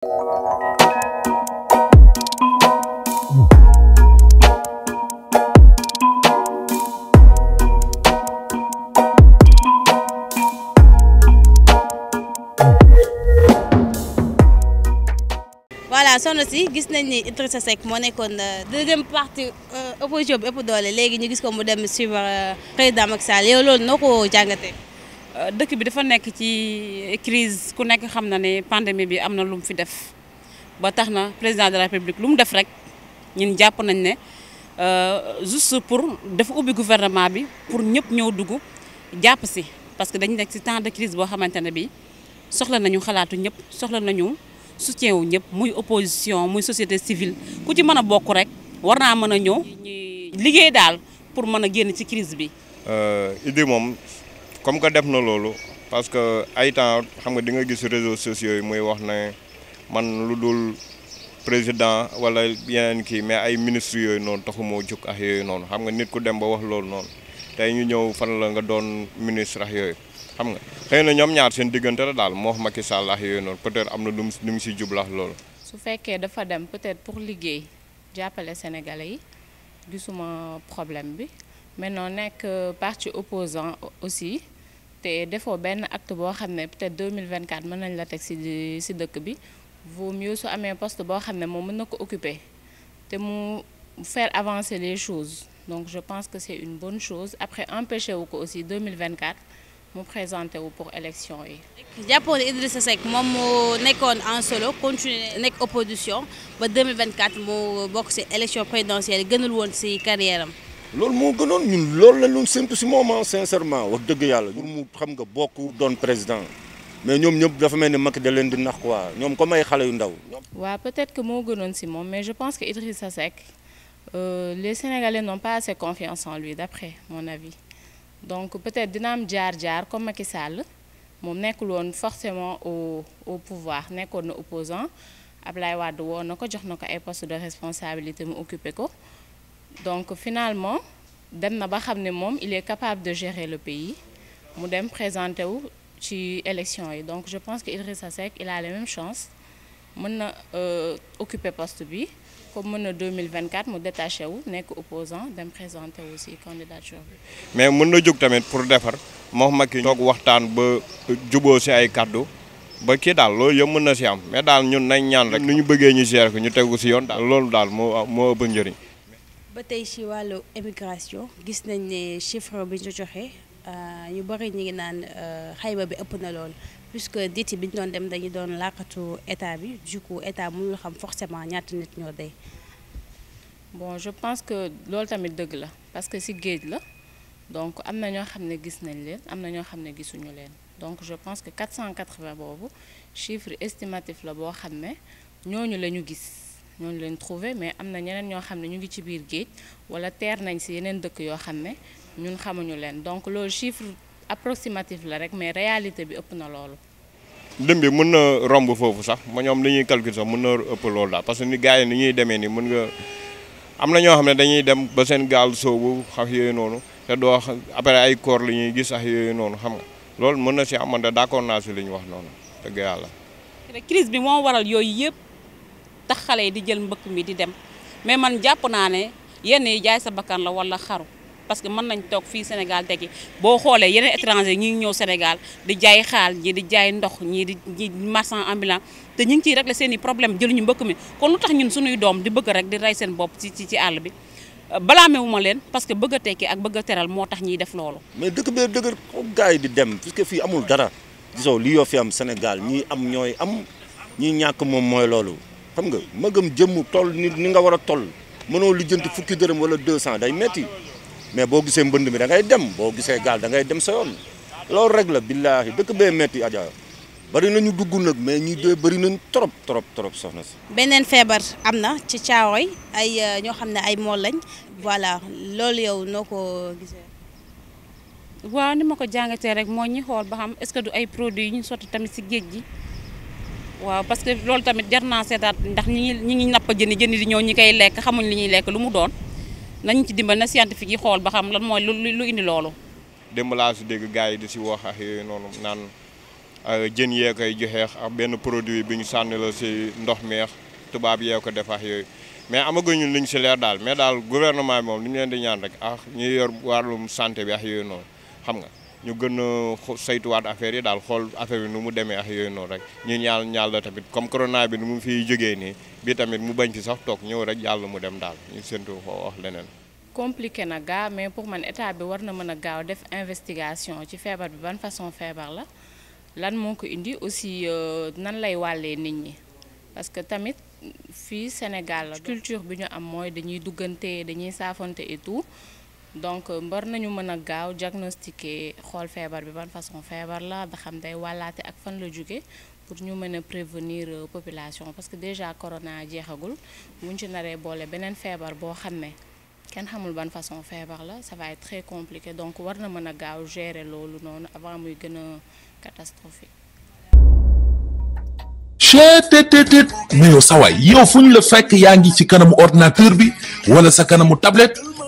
voilà soxna si gis nañ ni Idrissa Seck moo nekkoon euh, deuxième partie euh, opposition bi ëpp doole léegi ñu gis ko mu dem suivre euh, président Macky Sall yow loolu noo ko jàngatee. Euh, dëkk bi dafa nekk ci euh, crise ku nekk xam na ne pandémie bi am na lu mu fi def ba tax na président de la république lu mu def rek ñun jàpp nañ ne euh, juste pour dafa ubbi gouvernement bi pour ñëpp ñëw dugg jàpp si parce que dañ nekk si temps de crise boo xamante ne bi soxla nañu xalaatu ñëpp soxla nañu soutien wu ñëpp muy opposition muy société civile ku ci mën a bokk rek war naa mën a ñëw liggéey daal pour mën a génn ci crise bi idée moom comme que def na loolu parce que ay temps xam nga di nga gis réseaux sociaux yi muy wax ne man lu dul président wala yeneen kii mais ay ministres yooyu noonu taxu moo jóg ak yooyu noonu xam nga nit ku dem ba wax loolu noonu tey ñu ñëw fan la nga doon ministre ak yooyu xam nga xëy na ñoom ñaar seen diggante la daal moo wax Macky Sall ak yooyu noonu peut-être am na lu mu ñu mu si jublax loolu. su fekkee dafa dem peut-être pour liggéey jàppale sénégalais yi gisuma problème bi mais nekk parti opposant aussi. te defoo benn acte boo xam ne peut-être 2024 mën nañ la teg si si dëkk bi vaut mieux su amee poste boo xam ne moom mën na ko occuper te mu fair avancer les choses donc je pense que c'est une bonne chose après empêché wu ko aussi 2024 mu présenté wu pour élection yi. jàppoon ne Idrissa Seck moom mu nekkoon en solo continuer nekk opposition ba 2024 mu bokk si élection présidentielle gënul woon si carrière am. loolu moo gënoon ñun loolu la ñu séntu si moment sincèrement wax dëgg yàlla pour mu xam nga bokk doon président mais ñoom ñëpp dafa mel ni Macky da leen di nax quoi ñoom comme ay xale yu ndaw. waaw peut-être que moo gënoon si moom mais je pense que Idrissa Seck euh, les Sénégalais n'ont pas assez confiance en lui d'après mon donc peut-être dina am jaar-jaar comme Macky Sall moom nekkul woon forcément au au pouvoir nekkoon na opposant Ablaye Wade woon na ko jox na ko ay postes de responsabilité mu occupé ko. donc finalement dem na ba xam ne moom il est capable de gérer le pays mu dem présenté wu ci élection yi donc je pense que Idrissa Seck il a les mêmes chances mën na euh, occuper poste bi comme mën na 2024 mu détaché wu nekk opposant dem présenté wu ci candidature mais mën na jóg tamit pour defar moom Macky toog waxtaan ba juboo ci ay kàddu ba kii daal loolu yëpp mën na ci am mais daal ñun nañ ñaan rek. nu ñu bëggee ñu ger ko ñu tegu ci yoon daal loolu daal moo moo ëpp njëriñ. ba tey ci wàllu émigration gis nañ ne chiffre bi ñu joxe euh, ñu bëri ñu ngi naan euh, xayma bi ëpp na lool puisque diti bi ñu doon dem dañu doon làqatu état bi du coup état mënul xam forcément ñaata nit ñoo dey. bon je pense que loolu tamit dëgg la parce que ci géej la donc am na ñoo xam ne gis nañ leen am na ñoo xam ne gisuñu leen donc je pense que 480 boobu chiffre estimatif la boo xam ne ñooñu la ñu gis. ñooñu leen trouvé mais am na ñeneen ñoo xam ne ñu ngi ci biir géej wala teer nañ si yeneen dëkk yoo xam ne ñun xamuñu leen donc loolu chiffre approximatif la rek mais réalité bi ëpp na loolu. lim bi mën na romb foofu sax ma ñoom li ñuy calcul sax mën na ëpp lool daal parce que ni gars yi ni ñuy demee ni mën nga am na ñoo xam ne dañuy dem ba seen gaal soobu xax yooyu noonu te doo après ay koor li ñuy gis ak yooyu noonu xam nga loolu mën na si amoon da naa si li ñu noonu dëgg yàlla. tax xale yi di jël mbëkk mi di dem mais man jàpp naa ne yenn yi jaay sa bakkan la wala xaru parce que mën nañ toog fii Sénégal tegi boo xoolee yeneen étranger ñi ñëw Sénégal di jaay xaal ñii di jaay ndox ñii di ñi marchand ambulant te ñu ngi ciy régler seen i problème ñu mbëkk mi kon lu tax ñun suñuy doom di bëgg rek di rey seen bopp ci ci ci àll bi balaa ma leen parce que bëgg a tekki ak bëgg a teral moo tax ñiy def loolu mais dëkk bee dëgër ko g yi di dem puisque fii amul dara gisoo li fi am Sénégal ñii am ñooy am ñii ñàkk moom mooy loolu xam nga magam jëmm toll ni ni nga war a toll mënoo lijjanti fukki dërëm wala 200 day metti mais boo gisee mbënd mi da ngay dem boo gisee gaal da ngay dem sa yoon loolu rek la billaahi dëkk bee metti aja bari nañu dugg nag mais ñi dee bari nañ trop trop trop soxna si. beneen feebar am na ci caaroy ay euh, ñoo xam ne ay mool lañ voilà loolu yow noo ko gisee. waaw ni ma ko jàngatee rek moo ñi xool ba xam est-ce que du ay produits yu ñu sotti tamit si géej gi. waaw parce que loolu tamit jar naa seetaat ndax ñi ngi ñi ngi napp jëni jëni di ñëw ñi koy lekk xamuñ li ñuy lekk lu mu doon nañ ci dimbal na scientifique yi xool ba xam lan mooy lu lu indi loolu démb laa si dégg gars yi di si wax ak yooyu noonu naan euh, jën yee koy joxeex ak benn produit bi ñu sànni si ndox meex tubaab yee ko def ak yooyu mais amaguñu liñ si leer daal mais daal gouvernement bi moom li ñu leen di ñaan rek a ñu yor wàllum santé bi ak yooyu noonu xam nga ñu gën a saytuwaat affaire yi daal xool affaire bi nu mu demee ak yooyu noonu rek ñu ñaal ñaal la tamit comme corona bi nu mu fi jógee nii bi tamit mu bañ fi sax toog ñëw rek yàlla mu dem daal ñu séntu xoo wax leneen. compliquer na gaa mais pour man état bi war na mën a gaaw def investigation ci feebar bi ban façon feebar la lan moo ko indi aussi euh, nan lay wàllee nit ñi parce que tamit fii Sénégal la culture bi ñu am mooy dañuy duggante dañuy saafonte et tout. donc euh, mbar nañu mën a gaaw diagnostiquer xool feebar bi ban façon feebar la ba xam day wàllaate ak fan la jóge pour ñu mën a prévenir euh, population parce que déjà corona jeexagul buñ ci naree boole beneen feebar boo xam ne kenn xamul ban façon feebar la ça va être très compliqué donc war na mën a gaaw gérer loolu noonu avant muy gën a catastrophique chetttt mais yow sawaay yow fu ñu la fekk yaa ngi ci kanamu ordinateur bi wala sa kanamu tablette